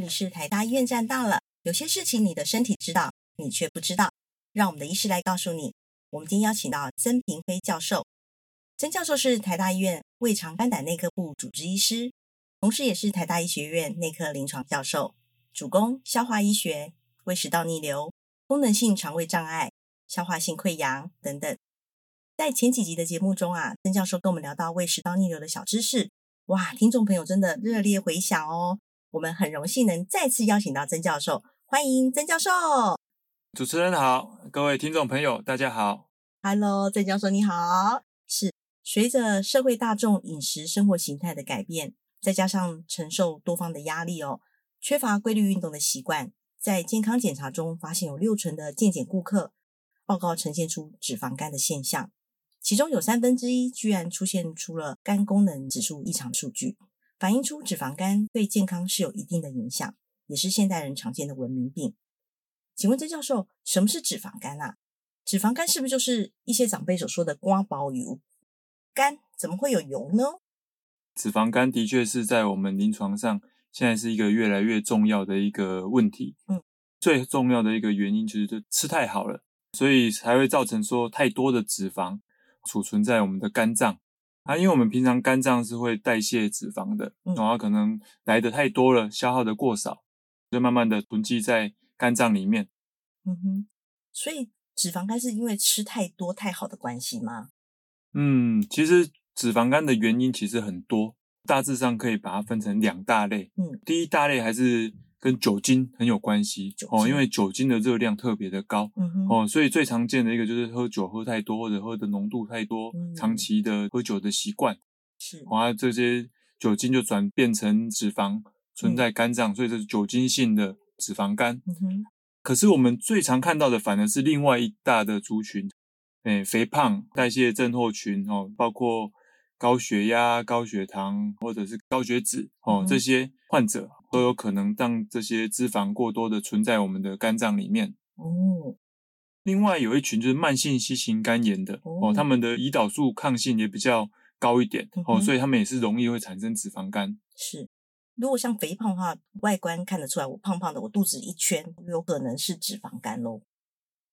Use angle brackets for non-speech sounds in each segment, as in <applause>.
這裡是台大醫院站到了。有些事情你的身體知道，你卻不知道，讓我們的醫師來告訴你。我們今天邀請到曾屏輝教授，曾教授是台大醫院胃腸肝膽內科部主治醫師，同時也是台大醫學院內科臨床教授，主攻消化醫學、胃食道逆流、功能性腸胃障礙、消化性潰瘍等等。在前幾集的節目中啊，曾教授跟我們聊到胃食道逆流的小知識，哇，聽眾朋友真的熱烈回響哦。我們很榮幸能再次邀請到曾教授，歡迎曾教授。主持人好，各位聽眾朋友，大家好。Hello，曾教授你好。是隨着社會大眾飲食生活形態的改變，再加上承受多方的壓力哦，缺乏規律運動的習慣，在健康檢查中發現有六成的健檢顧客報告呈現出脂肪肝的現象，其中有三分之一居然出現出了肝功能指數異常數據。反映出脂肪肝對健康是有一定的影響，也是現代人常見的文明病。請問曾教授，什麼是脂肪肝啊？脂肪肝是不是就是一些長輩所說的瓜包油？肝怎麼會有油呢？脂肪肝的確是在我們臨床上，現在是一個越來越重要的一個問題。嗯，最重要的一個原因就是就吃太好了，所以才會造成說太多的脂肪儲存在我們的肝臟。啊，因為我們平常肝臟是會代謝脂肪的，嗯、然後可能來得太多了，消耗得過少，就慢慢的囤積在肝臟裡面。嗯哼，所以脂肪肝是因為吃太多太好的關係嗎？嗯，其實脂肪肝的原因其實很多，大致上可以把它分成兩大類。嗯，第一大類還是，跟酒精很有關係酒哦，是因為酒精的熱量特別的高、嗯、哼哦，所以最常見的一個就是喝酒喝太多或者喝的濃度太多，嗯嗯，長期的喝酒的習慣，然後是、哦啊、這些酒精就轉變成脂肪是存在肝臟，所以這是酒精性的脂肪肝。嗯、哼可是我們最常看到的反而是另外一大的族群、哎，肥胖代謝症候群哦，包括高血壓、高血糖或者是高血脂哦，嗯、哼這些患者。都有可能讓這些脂肪過多的存在我們的肝臟裡面哦。另外有一群就是慢性 C 型肝炎的哦，哦，他們的胰島素抗性也比較高一點、嗯、哼哦，所以他們也是容易會產生脂肪肝。是，如果像肥胖的話，外觀看得出來，我胖胖的，我肚子一圈，有可能是脂肪肝嘍。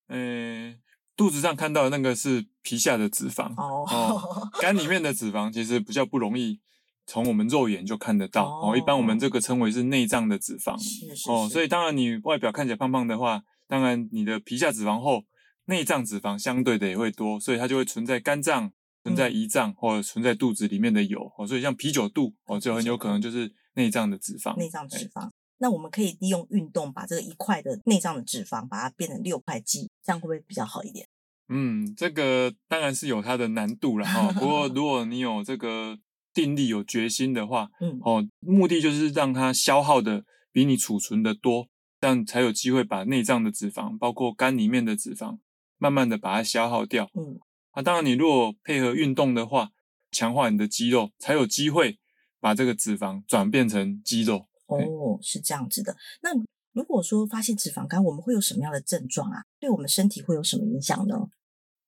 誒，肚子上看到的那個是皮下的脂肪哦，哦 <laughs> 肝裡面的脂肪其實比較不容易。從我們肉眼就看得到哦，哦，一般我們這個稱為是內臟的脂肪是是是哦，所以當然你外表看起來胖胖的話，當然你的皮下脂肪厚，內臟脂肪相對的也會多，所以它就會存在肝臟、存在胰臟、嗯、或者存在肚子裡面的油哦，所以像啤酒肚哦，就很有可能就是內臟的脂肪。內臟，是是，脂肪，對，那我們可以利用運動把這個一塊的內臟的脂肪把它變成六塊肌，這樣會不會比較好一點？嗯，這個當然是有它的難度了哈、哦，不過如果你有這個。定力有決心的話，嗯，哦，目的就是讓它消耗的比你儲存的多，這樣才有機會把內臟的脂肪，包括肝裡面的脂肪，慢慢的把它消耗掉，嗯，那、啊、當然你如果配合運動的話，強化你的肌肉，才有機會把這個脂肪轉變成肌肉。哦，是這樣子的。嗯、那如果說發現脂肪肝，我們會有什麼樣的症狀啊？對我們身體會有什麼影響呢？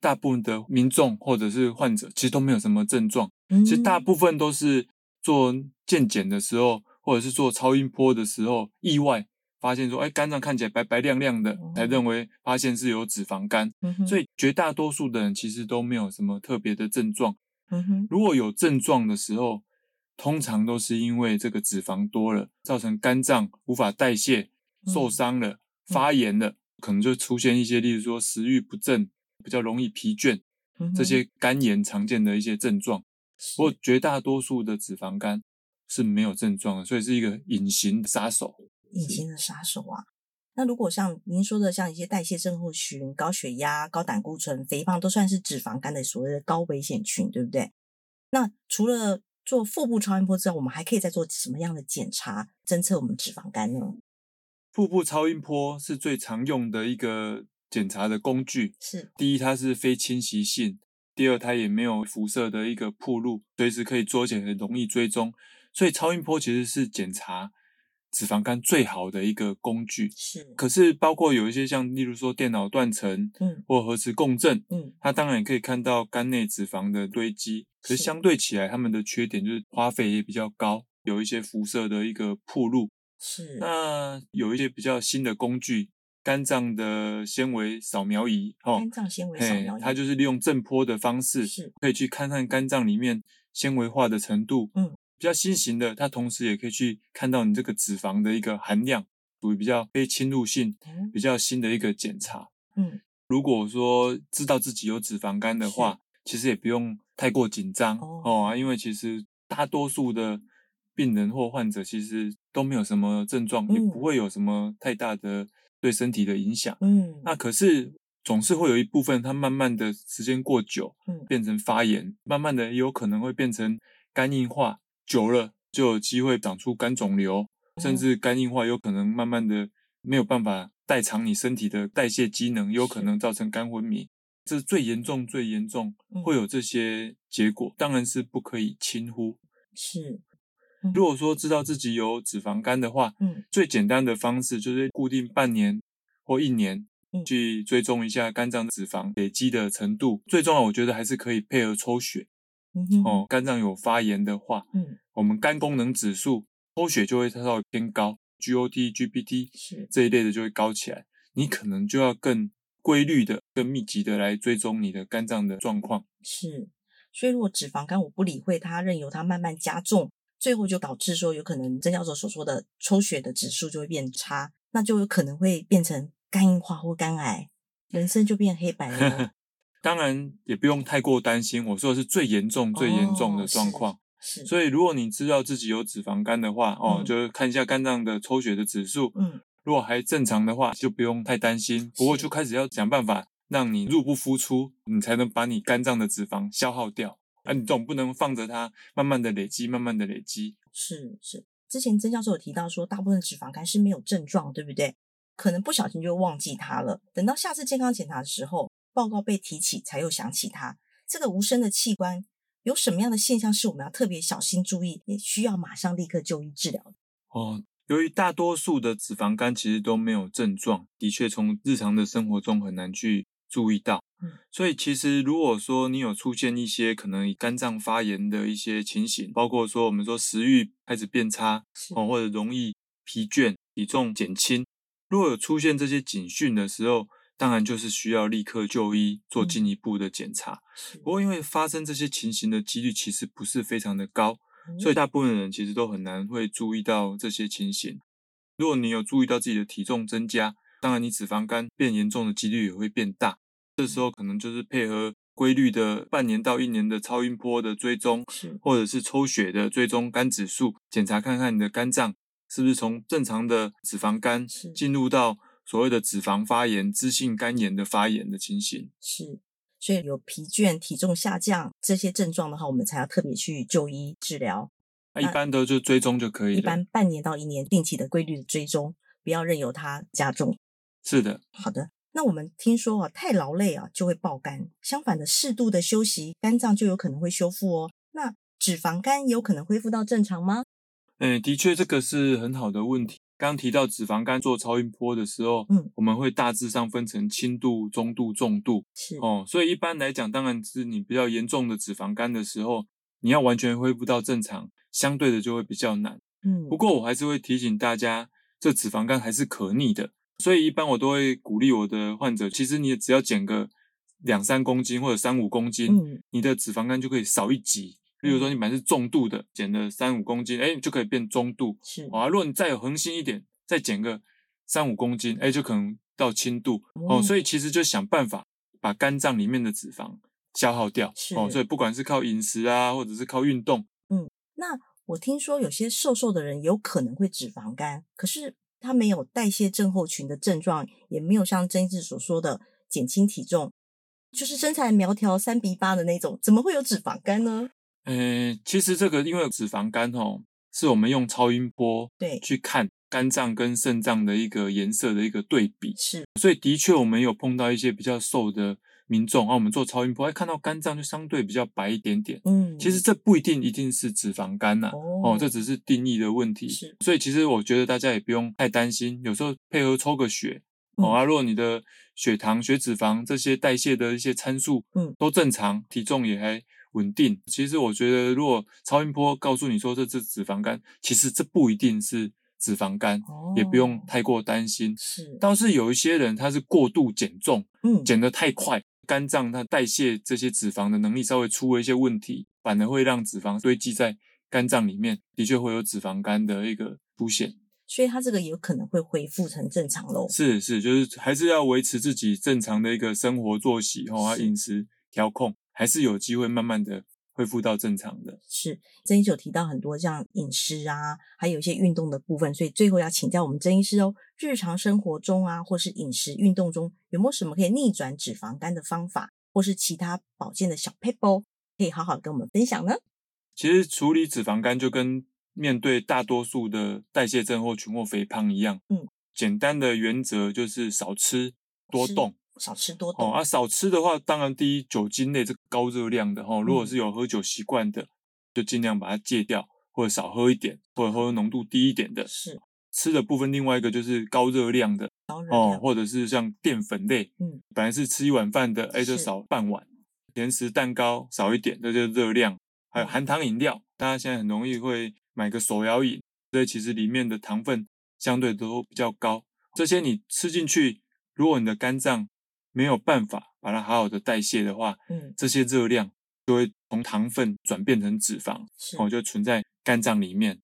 大部分的民眾或者是患者其實都沒有什麼症狀，嗯、哼其實大部分都是做健檢的時候或者是做超音波的時候意外發現說，哎、欸，肝臟看起來白白亮亮的，哦、才認為發現是有脂肪肝。嗯、哼所以絕大多數的人其實都沒有什麼特別的症狀。嗯、哼如果有症狀的時候，通常都是因為這個脂肪多了，造成肝臟無法代謝，受傷了、嗯、哼發炎了，可能就出現一些，例如說食慾不振。比較容易疲倦，這些肝炎常見的一些症狀。嗯哼。不過絕大多數的脂肪肝是沒有症狀的，所以是一個隱形殺手。隱形的殺手啊！那如果像您說的，像一些代謝症候群、高血壓、高膽固醇、肥胖，都算是脂肪肝的所謂的高危險群，對不對？那除了做腹部超音波之外，我們還可以再做什麼樣的檢查，偵測我們脂肪肝呢？腹部超音波是最常用的一個。檢查的工具，是第一，它是非侵襲性；第二，它也沒有輻射的一個曝露，隨時可以做檢，很容易追蹤。所以超音波其實是檢查脂肪肝最好的一個工具。是，可是包括有一些像，例如說電腦斷層，嗯，或核磁共振，嗯，它當然也可以看到肝內脂肪的堆積。可是相對起來，是它們的缺點就是花費也比較高，有一些輻射的一個曝露。是，那有一些比較新的工具。肝臟的纖維掃描儀，哦，肝臟纖維掃描儀，它就是利用震波的方式，是可以去看看肝臟裡面纖維化的程度，嗯，比較新型的，它同時也可以去看到你這個脂肪的一個含量，屬於比較非侵入性，嗯、比較新的一個檢查，嗯，如果說知道自己有脂肪肝的話，是其實也不用太過緊張哦，哦，因為其實大多數的病人或患者其實都沒有什麼症狀，嗯、也不會有什麼太大的。對身體的影響，嗯，那可是總是會有一部分，它慢慢的時間過久，嗯，變成發炎，慢慢的也有可能會變成肝硬化，久了就有機會長出肝腫瘤，甚至肝硬化有可能慢慢的沒有辦法代償你身體的代謝機能，嗯，有可能造成肝昏迷，是，這是最嚴重、最嚴重，嗯，會有這些結果，當然是不可以輕忽，是。如果說知道自己有脂肪肝的話，嗯，最簡單的方式就是固定半年或一年，嗯、去追蹤一下肝臟脂肪累積的程度。最重要，我覺得還是可以配合抽血，嗯哼哦，肝臟有發炎的話，嗯，我們肝功能指數抽血就會稍微偏高，GOT、嗯、GPT 是這一類的就會高起來。你可能就要更規律的、更密集的來追蹤你的肝臟的狀況。是，所以如果脂肪肝我不理會它，任由它慢慢加重。最後就導致說，有可能曾教授所說的抽血的指數就會變差，那就有可能會變成肝硬化或肝癌，人生就變黑白了。呵呵，當然也不用太過擔心，我說的是最嚴重、最嚴重的狀況。哦、是、所以如果你知道自己有脂肪肝的話，嗯、哦，就是看一下肝臟的抽血的指數。嗯。如果還正常的話，就不用太擔心。不過就開始要想辦法是讓你入不敷出，你才能把你肝臟的脂肪消耗掉。哎、啊，你總不能放着它，慢慢的累積，慢慢的累積。是是，之前曾教授有提到說，大部分的脂肪肝是沒有症狀，對不對？可能不小心就忘記它了，等到下次健康檢查的時候，報告被提起，才又想起它。這個無聲的器官，有什麼樣的現象是我們要特別小心注意，也需要馬上立刻就醫治療的？哦，由於大多數的脂肪肝其實都沒有症狀，的確從日常的生活中很難去。注意到，所以其實如果說你有出現一些可能肝臟發炎的一些情形，包括說我們說食欲開始變差哦，是或者容易疲倦、體重減輕，如果有出現這些警訊的時候，當然就是需要立刻就醫，做進一步的檢查。嗯、不過因為發生這些情形的幾率其實不是非常的高，嗯、所以大部分人其實都很難會注意到這些情形。如果你有注意到自己的體重增加，當然，你脂肪肝變嚴重的幾率也會變大。這時候可能就是配合規律的半年到一年的超音波的追蹤，是或者是抽血的追蹤肝指數，檢查看看你的肝臟是不是從正常的脂肪肝進入到所謂的脂肪發炎、是脂性肝炎的發炎的情形。是，所以有疲倦、體重下降這些症狀的話，我們才要特別去就醫治療。那一般的就追蹤就可以，一般半年到一年定期的規律的追蹤，不要任由它加重。是的，好的。那我們聽說啊，太勞累啊就會爆肝，相反的，適度的休息，肝臟就有可能會修復哦。那脂肪肝有可能恢復到正常嗎？嗯、欸，的確，這個是很好的問題。剛提到脂肪肝做超音波的時候，嗯，我們會大致上分成輕度、中度、重度，是哦、嗯。所以一般來講，當然是你比較嚴重的脂肪肝的時候，你要完全恢復到正常，相對的就會比較難。嗯，不過我還是會提醒大家，這脂肪肝還是可逆的。所以一般我都會鼓勵我的患者，其實你只要減個兩三公斤或者三五公斤，嗯、你的脂肪肝就可以少一級。例如說你本來是重度的，減了三五公斤，哎、嗯，就可以變中度。是啊、哦，如果你再有恆心一點，再減個三五公斤，哎，就可能到輕度。嗯、哦，所以其實就想辦法把肝臟裡面的脂肪消耗掉。是哦，所以不管是靠飲食啊，或者是靠運動。嗯，那我聽說有些瘦瘦的人有可能會脂肪肝，可是。他沒有代謝症候群的症狀，也沒有像曾志所說的減輕體重，就是身材苗條三比八的那種，怎麼會有脂肪肝呢？嗯、欸，其實這個因為脂肪肝哦，是我們用超音波對去看肝臟跟腎臟的一個顏色的一個對比，是，所以的確我們有碰到一些比較瘦的。民眾啊，我們做超音波哎，看到肝臟就相對比較白一點點，嗯，其實這不一定一定是脂肪肝吶、啊，哦，哦，這只是定義的問題，是所以其實我覺得大家也不用太擔心，有時候配合抽個血，哦，嗯、啊，如果你的血糖、血脂肪這些代謝的一些參數，嗯，都正常，嗯、體重也還穩定，其實我覺得如果超音波告訴你說，這是脂肪肝，其實這不一定是脂肪肝，哦、也不用太過擔心，是，倒是有一些人他是過度減重，嗯，減得太快。嗯肝臟它代謝這些脂肪的能力稍微出了一些問題，反而會讓脂肪堆積在肝臟裡面，的確會有脂肪肝的一個出現。所以它這個也有可能會恢復成正常咯？是是，就是還是要維持自己正常的一個生活作息哈，哦，要飲食調控，還是有機會慢慢的。恢復到正常的。是，曾醫師有提到很多這樣飲食啊，還有一些運動的部分，所以最後要請教我們曾醫師哦，日常生活中啊，或是飲食運動中，有沒有什麼可以逆轉脂肪肝的方法，或是其他保健的小撇步，可以好好跟我們分享呢？其實處理脂肪肝就跟面對大多數的代謝症候群或肥胖一樣，嗯，簡單的原則就是少吃多動。少吃多動哦。啊，少吃的話，當然第一，酒精類是高熱量的哈、哦。如果是有喝酒習慣的，嗯、就盡量把它戒掉，或者少喝一點，或者喝濃度低一點的。是。吃的部分，另外一個就是高熱量的高熱量哦，或者是像澱粉類。嗯。本來是吃一碗飯的，嗯、哎，就少半碗。是甜食蛋糕少一點，這就是、熱量。嗯、還有含糖飲料，大家現在很容易會買個手搖飲，所以其實裡面的糖分相對都比較高。這些你吃進去，如果你的肝臟沒有辦法把它好好的代謝的話，嗯，這些熱量就會從糖分轉變成脂肪，然後是、哦、就存在肝臟裡面。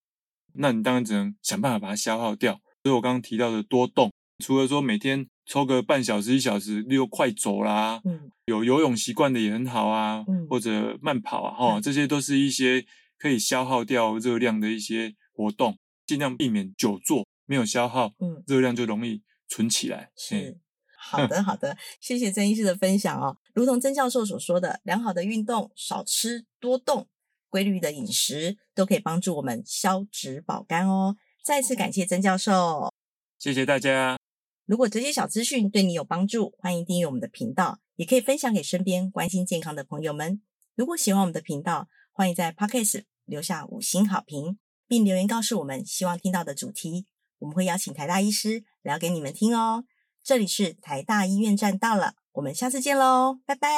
那你當然只能想辦法把它消耗掉。所以我剛剛提到的多動，除了說每天抽個半小時一小時，例如快走啦，嗯，有游泳習慣的也很好啊，嗯、或者慢跑啊，哈、哦，嗯、這些都是一些可以消耗掉熱量的一些活動。盡量避免久坐，沒有消耗，嗯，熱量就容易存起來，嗯、是。好的，好的，謝謝曾醫師的分享哦。如同曾教授所說的，良好的運動、少吃多動、規律的飲食，都可以幫助我們消脂保肝哦。再次感謝曾教授，謝謝大家。如果這些小資訊對你有幫助，歡迎訂閱我們的頻道，也可以分享給身邊關心健康的朋友們。如果喜歡我們的頻道，歡迎在 Podcast 留下五星好評，並留言告訴我們希望聽到的主題，我們會邀請台大醫師聊給你們聽哦。這裡是台大醫院站到了，我們下次見嘍，拜拜，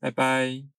拜拜。